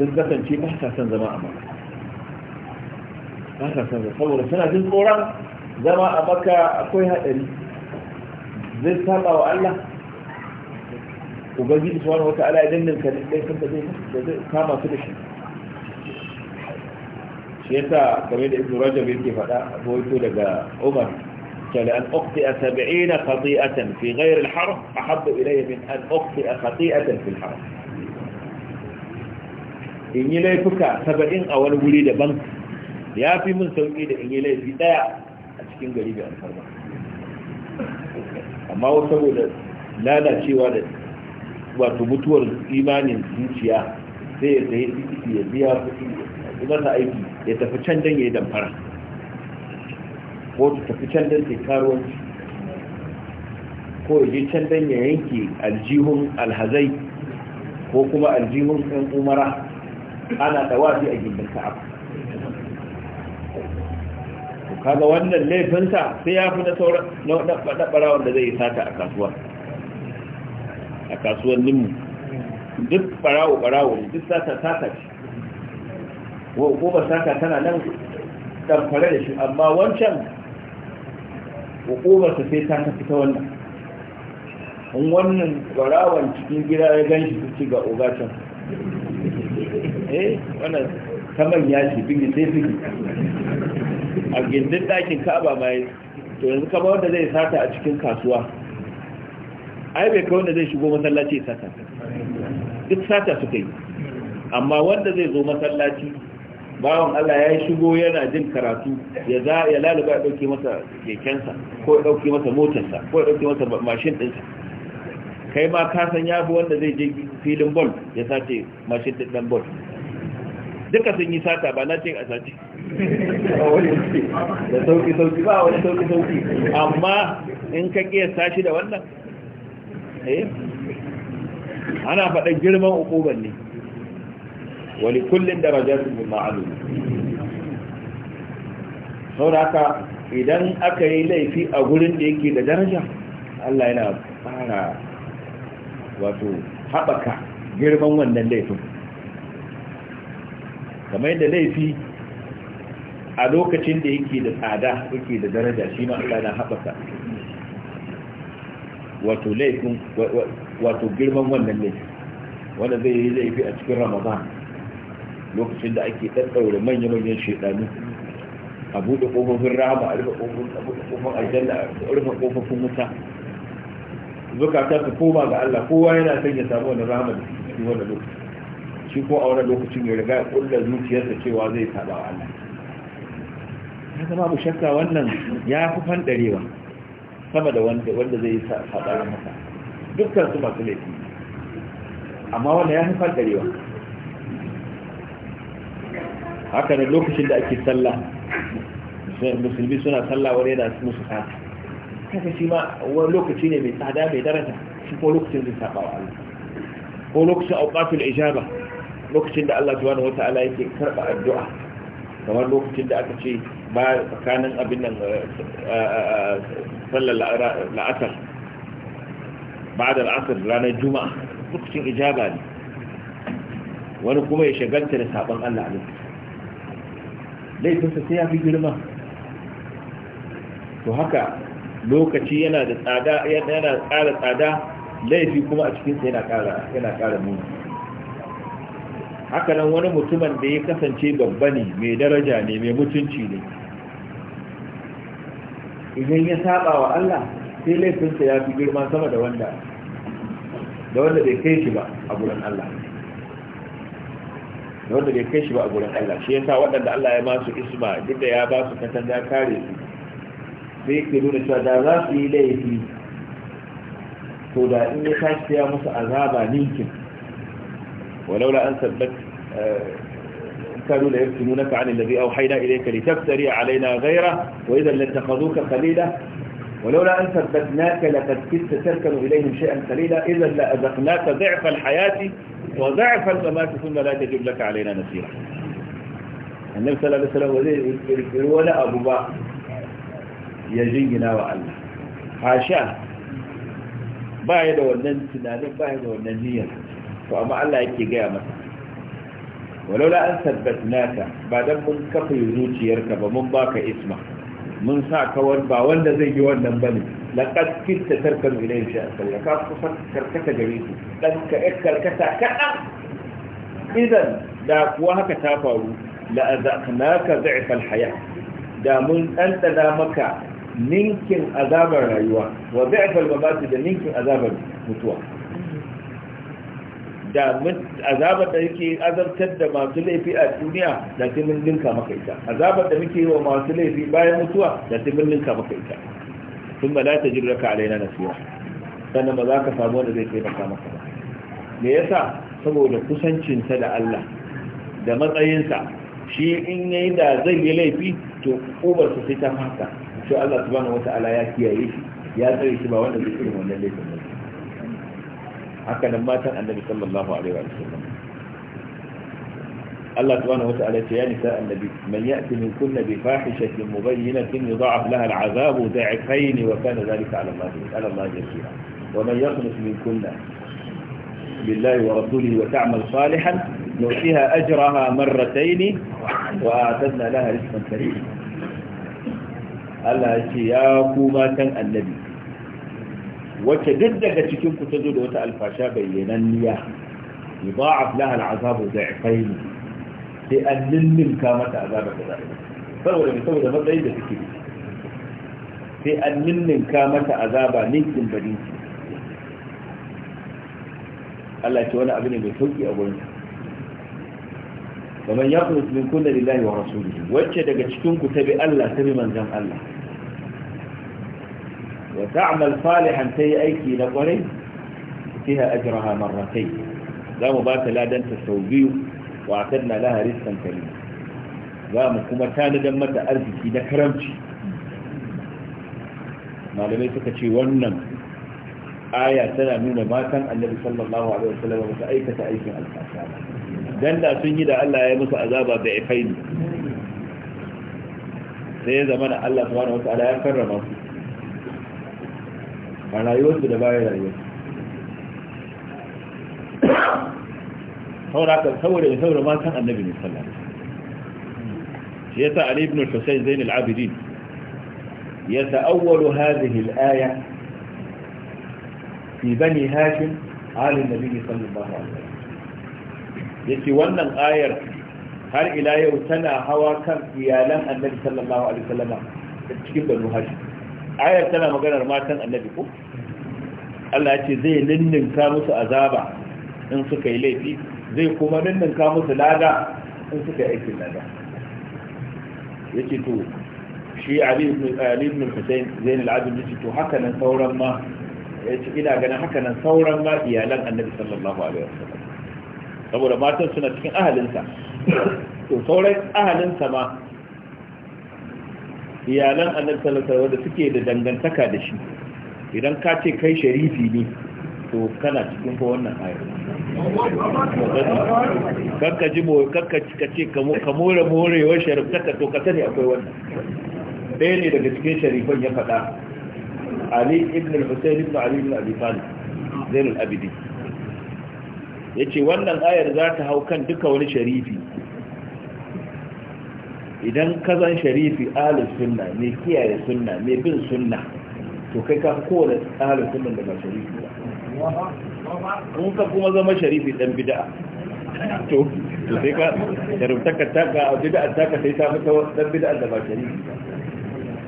sun kasance ba sa son zama a maka ba sa son zama saboda suna jin tsoron zama a maka akwai haɗari zai saba wa Allah ubangiji subhanahu wa ta'ala idan nan kan dai kan dai da zai kama su da shi shi yasa game da ibnu rajab yake faɗa rawaito daga Umar قال أن أخطئ سبعين خطيئة في غير الحرم أحب إلي من أن أخطئ خطيئة في الحرم in yi laifuka saba'in a wani wuri daban ya fi mun sauƙi da in yi laifi ɗaya a cikin gari da alfarma amma wasu saboda lalacewa da wato mutuwar imanin zuciya sai ya sayi tikiti ya biya kuɗi masa aiki ya tafi can don ya yi damfara ko ta tafi can don ta karuwanci ko ya je can don ya yanke aljihun alhazai ko kuma aljihun ɗan umara ana da wafi a gindin ka'aba kaga wannan laifinsa sai ya fi na sauran na ɓarawar da zai yi sata a kasuwa a kasuwanninmu duk ɓarawo ɓarawo duk sata sata ce ko ba sata tana nan ɗamfare da shi amma wancan hukumarsa sai ta tafi ta wannan in wannan ɓarawon cikin gida ya gan shi ci ga ogacin eh wannan saman ya ce bin sai fiki a gindin ɗakin ka'aba mai to yanzu kama wanda zai sata a cikin kasuwa ai bai kai wanda zai shigo masallaci sata duk sata suka yi amma wanda zai zo masallaci bawan Allah ya shigo yana jin karatu ya za ya laluba ya dauke masa kekensa ko ya dauke masa motarsa ko ya dauke masa mashin ɗinsa, kai ma ka san bi wanda zai je filin ball ya sace mashin din ball duka sun yi sata ba na ce a sace <laughs> da sauki sauki ba wani sauki sauki amma in ka kiyasta sashi da wannan eh ana faɗin girman ukuban ne wani kullum darajatun bin ma'alu sau da haka idan aka yi laifi a gurin da yake da daraja Allah yana fara wato haɓaka girman wannan laifin kamar yadda laifi a lokacin da yake da tsada yake da daraja shi ma Allah na haɓaka wato laifin wato girman wannan laifin wanda zai yi laifi a cikin ramadan lokacin da ake ɗaɗɗaure manya-manyan shaidanu a buɗe ƙofofin rama a rufe ƙofofin aljanna a rufe ƙofofin wuta zukata su koma ga Allah kowa yana son ya samu wani rama da cikin wannan lokacin shi ko a wani lokacin ya riga kulla zuciyarsa cewa zai taba wa Allah ya zama mu shakka wannan ya fi fandarewa sama da wanda wanda zai saba masa dukkan su masu laifi amma wanda ya fi fandarewa haka da lokacin da ake sallah musulmi suna sallah wani yana musu kata kasa shi ma wani lokaci ne mai tsada mai daraja shi ko lokacin zai saɓa wa Allah ko lokacin auqatul ijaba lokacin da Allah subhanahu wata'ala yake karba addu'a kamar lokacin da aka ce ba tsakanin abin nan eh, eh, eh, sallar la'asar ba da la'asar ranar juma'a lokacin ijaba ne wani kuma ya shagalta da sabon Allah a lokacin laifinsa sai ya fi girma to haka lokaci yana da tsada yana tsada laifi kuma a cikinsa yana ƙara yana ƙara muni hakanan wani mutumin da ya kasance babba ne mai daraja ne mai mutunci ne idan ya saba wa Allah sai laifinsa ya fi girma sama da wanda da wanda bai kai shi ba a gurin Allah da wanda bai kai shi ba a gurin Allah shi yasa waɗanda Allah ya masu isma duk da ya ba su da kare su sai yake nuna cewa da za su yi laifi to da in ya tashi ya musu azaba ninkin ولولا أن ثبت آه، كانوا ليفتنونك عن الذي أوحينا إليك لتفتري علينا غيره وإذا لاتخذوك خليلا ولولا أن ثبتناك لقد كدت تركن إليهم شيئا قليلا إذا لأذقناك ضعف الحياة وضعف الممات ثم لا تجب لك علينا نسيرا النبي صلى الله عليه وسلم وزير ولا أبو با يجينا وعلا حاشا بايد وننسنا ونن وننسنا to amma Allah yake gaya masa walaula an sabbatnaka ba dan mun kafa zuciyarka ba mun baka isma mun sa kawar ba wanda zai yi wannan bane laqad kitta tarkan ilayhi sha Allah ka kusan karkata gare su dan ka karkata kadan idan da kuwa haka ta faru la azaqnaka dha'fa al da mun dandana maka ninkin azabar rayuwa wa dha'fa al-mamat da ninkin azabar mutuwa da azabar da yake azabtar da masu laifi a duniya da sai mun linka maka ita azabar da muke wa masu laifi bayan mutuwa da sai mun linka maka ita sun ba za ta jin ka alaina na siya sannan ba za ka samu wanda zai taimaka maka ba me yasa saboda kusancinsa da Allah da matsayinsa shi in yayi da zai yi laifi to sa sai ta fata to Allah subhanahu wata'ala ya kiyaye shi ya tsare shi ba wanda zai irin wannan laifin ba haka nan matan annabi sallallahu alaihi wa sallam Allah subhanahu wa ta'ala ya ni sa annabi man ya'ti min kunna bi fahishatin mubayyinatin yud'af laha al'azab da'afayn wa kana dhalika 'ala Allah 'ala Allah jazira wa man yaqnut min kunna billahi wa rasulihi wa ta'mal salihan nu'tiha ajraha marratayn wa a'tadna laha rizqan karima Allah ya ku matan annabi wacce duk daga cikin ku ta zo da wata alfasha bayyananniya yudha'af laha al'azabu da'fayn sai an ninninka mata azaba da zaɓi saboda mai saboda matsayin da suke sai an ninninka mata azaba ninkin bari Allah ce wani abu ne mai sauƙi a gurin kamar ya kuma min kunna lillahi wa rasulihi wacce daga cikin ku ta bi Allah ta bi manzon Allah wa ta'mal salihan tayi aiki na kwarai fiha ajraha marratayn za mu ba ta ladan ta sau biyu wa atanna laha rizqan za mu kuma tanadan mata arziki na karamci malamai suka ce wannan aya tana nuna matan annabi sallallahu alaihi aikata aikin alfasha dan da sun yi da Allah ya musu azaba da ifaini sai ya zama da Allah subhanahu wataala ya karrama su رايوه ده باي رايوه هو راك تصور تصور ما كان النبي صلى الله عليه وسلم علي بن الحسين زين العابدين يتأول هذه الآية في بني هاشم على النبي صلى الله عليه وسلم يتولى الآية هل إلهي وتنى هوا كان في آلام النبي صلى الله عليه وسلم تكبر هاشم ayar tana maganar matan annabi ko Allah ya ce zai ninninka musu azaba in suka yi laifi zai kuma ninninka musu lada in suka yi aikin lada ya ce to shi ali ibn hussein zainul abin ya ce to haka nan sauran ma ya ce ina ganin haka nan sauran ma iyalan annabi sallallahu alaihi wasallam saboda matan suna cikin ahalinsa to sauran ahalinsa ma iyalan annabi sallallahu alaihi wasallam suke da dangantaka da shi idan ka ce kai sharifi ne to kana cikin ko wannan ayar ka ji mu kakka ka ce ka more morewar sharifta to ka sani akwai wannan ɗaya ne daga cikin sharifan ya faɗa ali ibn al-husayn ibn ali ibn abi talib zainul abidin yace wannan ayar za ta hau kan duka wani sharifi idan ka zan sharifi ahlus sunna mai kiyaye sunna mai bin sunna to kai ka kowane alif sunna da ba sharifi ba in ka kuma zama sharifi dan bid'a to to sai ka sharifta ta ga bid'a ta ka sai ta fita dan bid'a da ba sharifi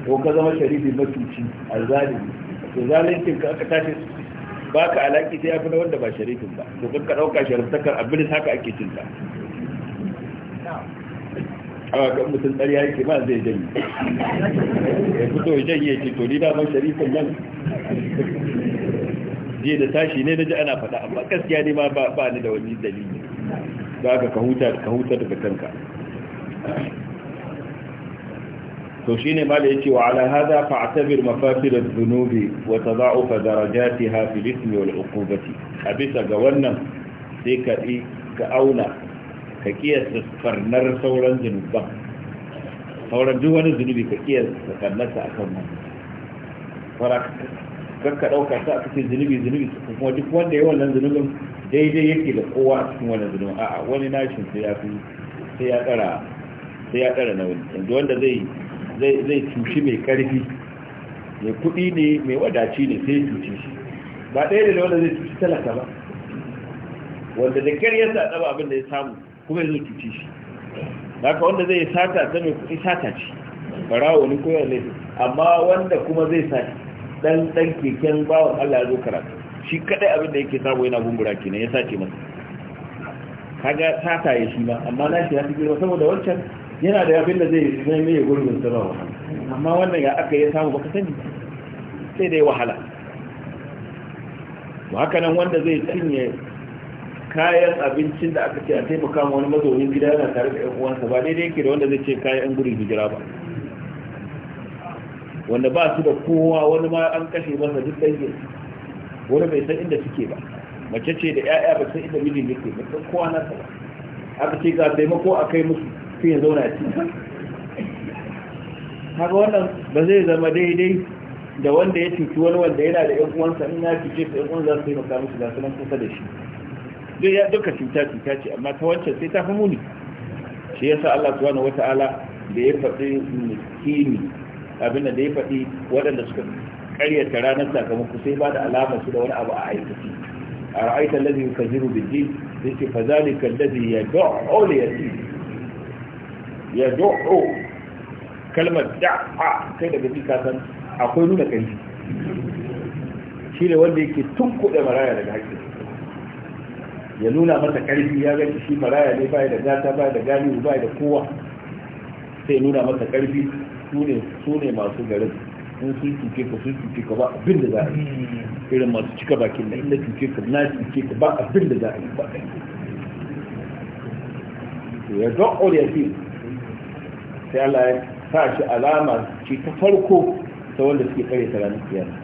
ko ka zama sharifi matuci azzalimi to zalincin ka aka tashi baka alaki sai ya fi na wanda ba sharifin ba to kanka ka ɗauka sharifitakar abin haka ake cinta a kan mutum tsari yake ba zai janye ya fito janye ce to ni da ban sharifin nan je da tashi ne na ji ana faɗa amma gaskiya ne ma ba ni da wani dalili za ka huta da huta daga kanka to shine ma da ce wa ala hada fa'tabir mafatir adh-dhunubi wa tada'uf darajatiha fil ithmi wal 'uqubati abisa ga wannan sai ka auna ka kiyasta farnar sauran zunuban sauran duk wani zunubi ka kiyasta farnarsa a kan wani fara ka ɗauka ta ka ce zunubi zunubi kuma duk wanda ya wannan zunubin daidai yake da kowa a cikin wannan zunubin a'a wani nashin sai ya fi sai ya tsara sai ya tsara na wani yanzu wanda zai zai zai cuci mai karfi mai kuɗi ne mai wadaci ne sai ya cuci shi ba ɗaya da wanda zai cuci talaka ba wanda da kyar ya sa tsaba abin da ya samu kuma ya zo cuce shi ka wanda zai sata ta mai kuɗi sata ce bara wani koyar ne. amma wanda kuma zai sa dan dan keken bawan Allah ya zo karatu shi kadai abin da yake samu yana gungura kenan ya sace masa kaga sata ya shi ma amma na shi ya fi girma saboda wancan yana da abin da zai zai mai gurbin sa ba amma wannan ya aka ya samu baka sani sai dai wahala to haka nan wanda zai cinye kayan abincin da aka ce a taimaka wani mazaunin gida yana tare da yan uwansa ba daidai yake da wanda zai ce kayan yan gudun hijira ba wanda ba su da kowa wani ma an kashe masa duk dangin wani bai san inda suke ba mace ce da 'ya'ya ba san inda mijin yake ba san kowa na ba aka ce ga taimako a kai musu sai ya zauna ci haka wannan ba zai zama daidai da wanda ya cuci wani wanda yana da 'yan uwansa in ya cuce su 'yan uwan za su taimaka musu ga sunan kusa da shi ya duka cuta cuta ce amma ta wancan sai ta fi muni shi yasa Allah subhanahu wata'ala da ya faɗi miskini abin da ya faɗi waɗanda suka ƙaryata ranar sakamako sai ba da alama su da wani abu a aikaci a ra'aita lazi yukaziru biji ce fa zalika allazi yad'u li yatim yad'u kalmar da'a kai daga ji ka san akwai nuna kai shi ne wanda yake kuɗe maraya daga hakkin ya nuna mata karfi ya gaci shi maraya ne bai da gata bai da galibu bai da kowa sai nuna mata karfi su ne masu garin in sun tuke ka sun tuke ka ba abin da za a yi irin masu cika bakin na inda tuke ka na tuke ka ba abin da za a yi ba ya zo'ur ya fi sai Allah ya sa shi alama ce ta farko ta wanda suke kare ta ranar kiyama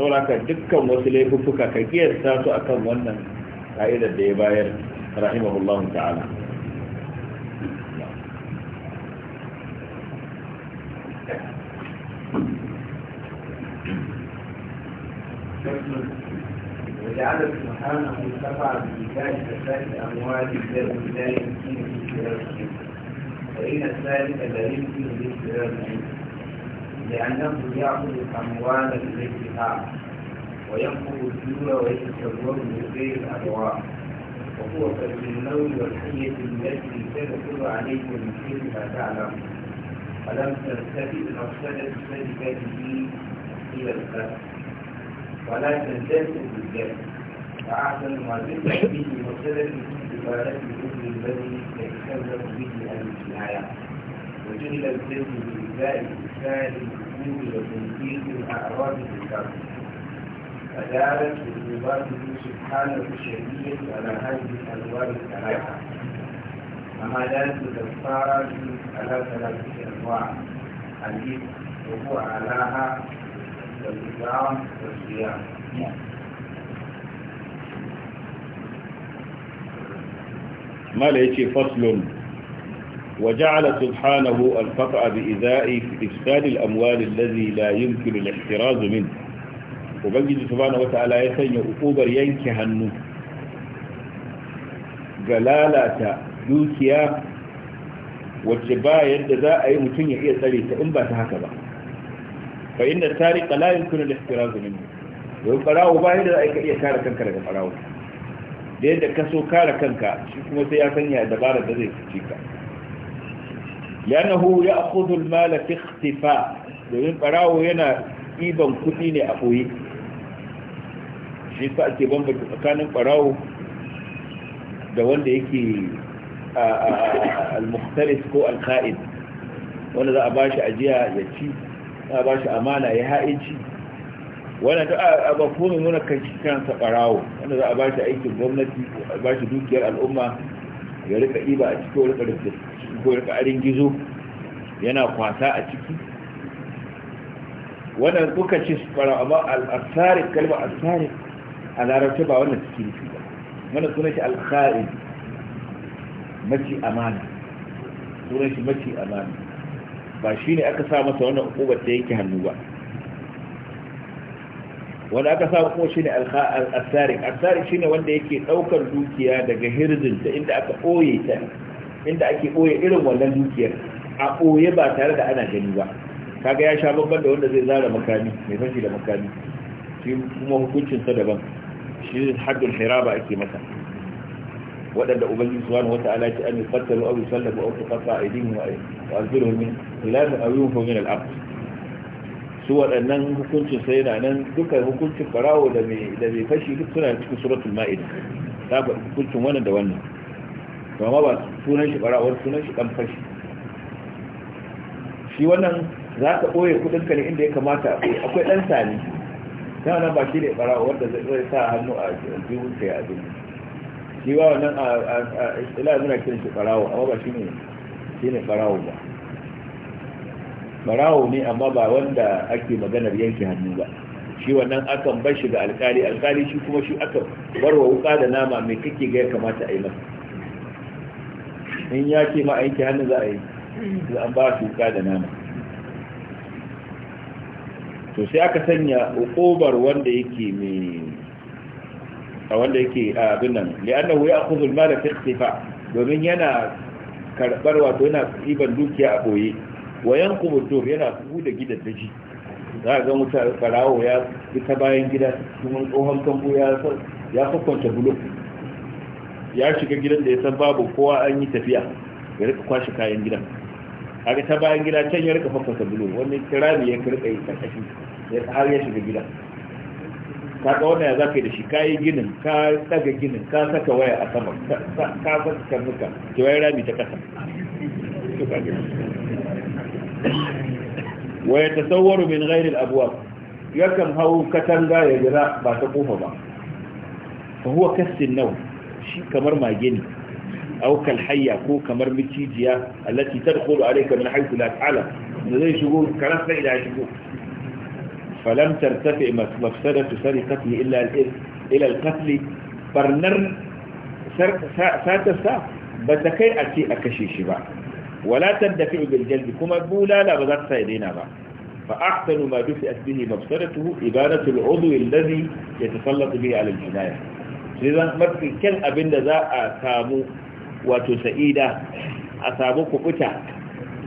saboda dukkan wasu laifuffuka ka kiyasta su akan wannan ka'idar da رحمه الله تعالى ta'ala وجعل سبحانه سبع بإيجاد زكاة أموال لا يمكن استدراكه فإن الثالث لا يمكن استدراكه لأنه يأخذ الأموال بالاتفاق ويحكم الدنيا ويتكون من غير الأنواع وهو كالنوم والحية التي تدخل عليك من ما تعلم فلم ترتدي ذلك به إلى القتل ولا تنتهي بالجهل فأحسن ما ذكر به مفسدة عبارة الأمر الذي يتكلم به أهل الجناية وجل الذنب بالباء الإنسان الوجود وتنفيذ الأعراض بالكرم فذلك بإضافته سبحانه الشديد على هذه الألوان الثلاثة كما ذلك الكفارة على ثلاثة أنواع حديث وقوع علاها والإكرام والصيام ما ليش فصل وجعل سبحانه الفطأ بإذاء في إفساد الأموال الذي لا يمكن الاحتراز منه ubangiji subhanahu wata'ala ya sanya ukubar yanke hannu ga lalata dukiya wacce ba yadda za a yi mutum ya iya tsare ta in ba ta haka ba fa inda tariqa la yumkinu al-ihtirazu minhu don barawo ba yadda za a iya kare kanka daga barawo da yadda ka so kare kanka shi kuma sai ya sanya dabarar da zai fice ka yanahu ya akhudhu al-mal fi ikhtifa domin barawo yana iban kudi ne a boye shi sa ake bambanta tsakanin ɓarawo da wanda yake al-muhtaris ko al-ka'id wanda za a ba shi ajiya ya ci za a ba shi amana ya ha'inci wanda ta a bakumin nuna kansa ɓarawo wanda za a ba bashi aikin gwamnati ba shi dukiyar al'umma ya rika iba a ciki rika ko rika arin gizo yana kwasa a ciki wannan kuka ce su barawo amma al-asarik kalmar asarik a larabci ba wannan suke nufi ba wannan sunan shi alkha'in maci amana sunan shi maci amana ba shi ne aka sa masa wannan ukubar da yake hannu ba wanda aka sa kuma shine al-asariq shi ne wanda yake daukar dukiya daga ta inda aka boye ta inda ake boye irin wannan dukiyar a boye ba tare da ana gani ba kaga ya sha babban da wanda zai zara makami mai fashi da makami shi kuma hukuncin sa daban shi haddul hiraba ake masa waɗanda ubangiji subhanahu wata'ala ya an yuqtalu aw yusallabu aw tuqatta aydihim wa arjuluhum min khilaf aw yunfu min al-ard su waɗannan hukuncin sai yana nan dukkan hukuncin farawo da mai da mai fashi duk suna cikin suratul ma'ida ta ba hukuncin wannan da wannan to amma ba sunan shi farawo sunan shi dan fashi shi wannan za ka ɓoye kuɗinka ne inda ya kamata akwai ɗan sani dama ba shi ne bara wanda zai sa hannu a jihun sai a jini shi ba wannan a ila zina kiran shi barawo amma ba shi ne shi ne barawo ba barawo ne amma ba wanda ake maganar yanke hannu ba shi wannan akan bar shi ga alkali alkali shi kuma shi aka barwa wuka da nama mai kake ga ya kamata a yi masa in ya ce ma a yanke hannu za a yi za an ba shi wuka da nama to sai aka sanya ukubar wanda yake mai a wanda yake abin nan li'annahu ya'khudhu al mal fi ikhtifa domin yana karbar wato yana iban dukiya a boye wayan yanqubu yana yana da gidan daji za ga muta farawo ya ta bayan gida kuma tsohon kambu ya ya kokonta bulo ya shiga gidan da ya san babu kowa an yi tafiya ya rika kwashi kayan gidan kaga ta bayan gida can ya rika fafasa bulo wani kirami ya rika yi karkashin ya har ya shiga gida ga wannan ya za ka yi da shi ka yi ginin ka daga ginin ka saka waya a sama ka saka karnuka ki rami ta kasa wa ta tasawwaru min ghairi al-abwab yakan hau katanga ya jira ba ta kofa ba fa huwa kassin naw shi kamar mageni aukal hayya ko kamar micijiya allati tadkhulu alayka min haythu la ta'lam da zai shigo karas sai da shigo falam tartafi mafsadatu sarikati illa ila al-qatl barnar satarsa ba ta kai a ce a kashe shi ba wala tadafi bil jaldi kuma bulala ba za ta sai daina ba ma dufi فأحسن ما دفئت به مفسدته إبانة العضو الذي يتسلط به على الجناية لذا مفي abinda za a samu. wato sa'ida a samu kubuta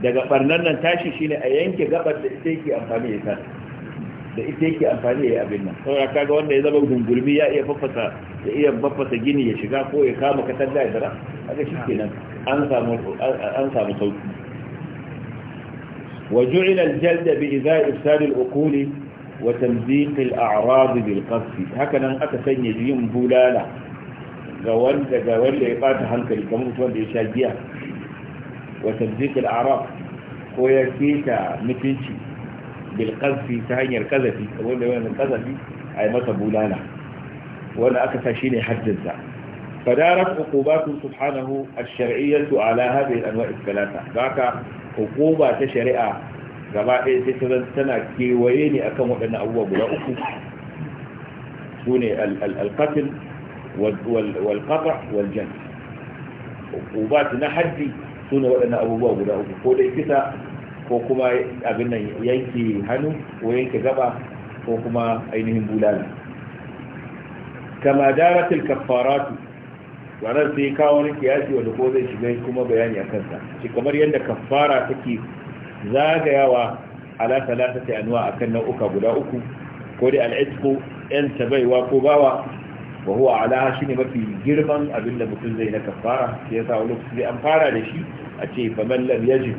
daga barnan nan tashi shi ne a yanke gabar da ita yake amfani da ita da ita yake amfani da abin nan saboda ga wanda ya zama gungulmi ya iya faffasa ya iya faffasa gini ya shiga ko ya kama katanga ya a kaga shikenan an nan an samu sauki وجعل الجلد بإذاء إفساد الأقول وتمزيق الأعراض بالقصف aka sanya yin بلالة ga wanda ga wanda ya bata hankali kamar mutum wanda ya sha giya wa tabdikul arab ko ya keta mutunci bil qazfi ta hanyar kazafi kamar da wannan kazafi ai masa bulala wanda aka sa shine haddinsa fadarat uqubatu subhanahu ash-shar'iyyatu ala hadhihi al-anwa' ath-thalatha haka hukuma ta shari'a gaba ɗaya sai tana kewaye ne akan waɗannan abubuwa guda uku sune al-qatl والقطع والجنس ubat na haddi suna ne waɗannan abubuwa guda uku ko dai kisa ko kuma abin nan yanke hannu ko yanke gaba ko kuma ainihin bulala kama daratul kaffaratu ranar sai kawo wani ko zai shiga kuma bayani a kansa shi yadda kaffara take zagayawa ala salatati anwa akan nau'uka guda uku ko dai al'itqu yan tabaiwa ko bawa wa huwa ala shine mafi girman abin da mutum zai na kafara sai yasa wani lokaci an fara da shi a ce fa man yajin yajid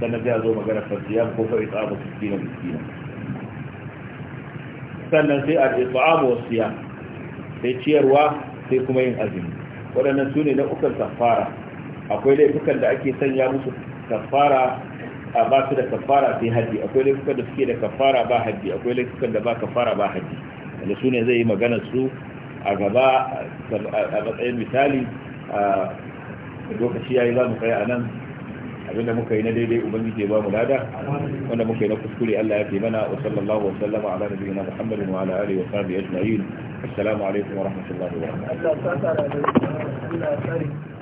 sannan zai zo magana fasiyam ko fa itsabu miskina miskina sannan sai al itsabu wasiyam sai ciyarwa sai kuma yin azumi waɗannan ne na ukan kafara akwai laifukan da ake sanya musu kafara a ba su da kafara sai haddi akwai laifukan da suke da kafara ba haddi akwai laifukan da ba kafara ba haddi wanda su ne zai yi magana su a gaba a matsayin misali a lokaci yayi za mu kai a nan abinda muka yi na daidai ubangiji ya ba mu lada wanda muka yi na kuskure Allah ya fi mana wa sallallahu wa sallama ala nabiyyina Muhammadin wa ala alihi wa sahbihi ajma'in assalamu alaikum wa rahmatullahi wa barakatuh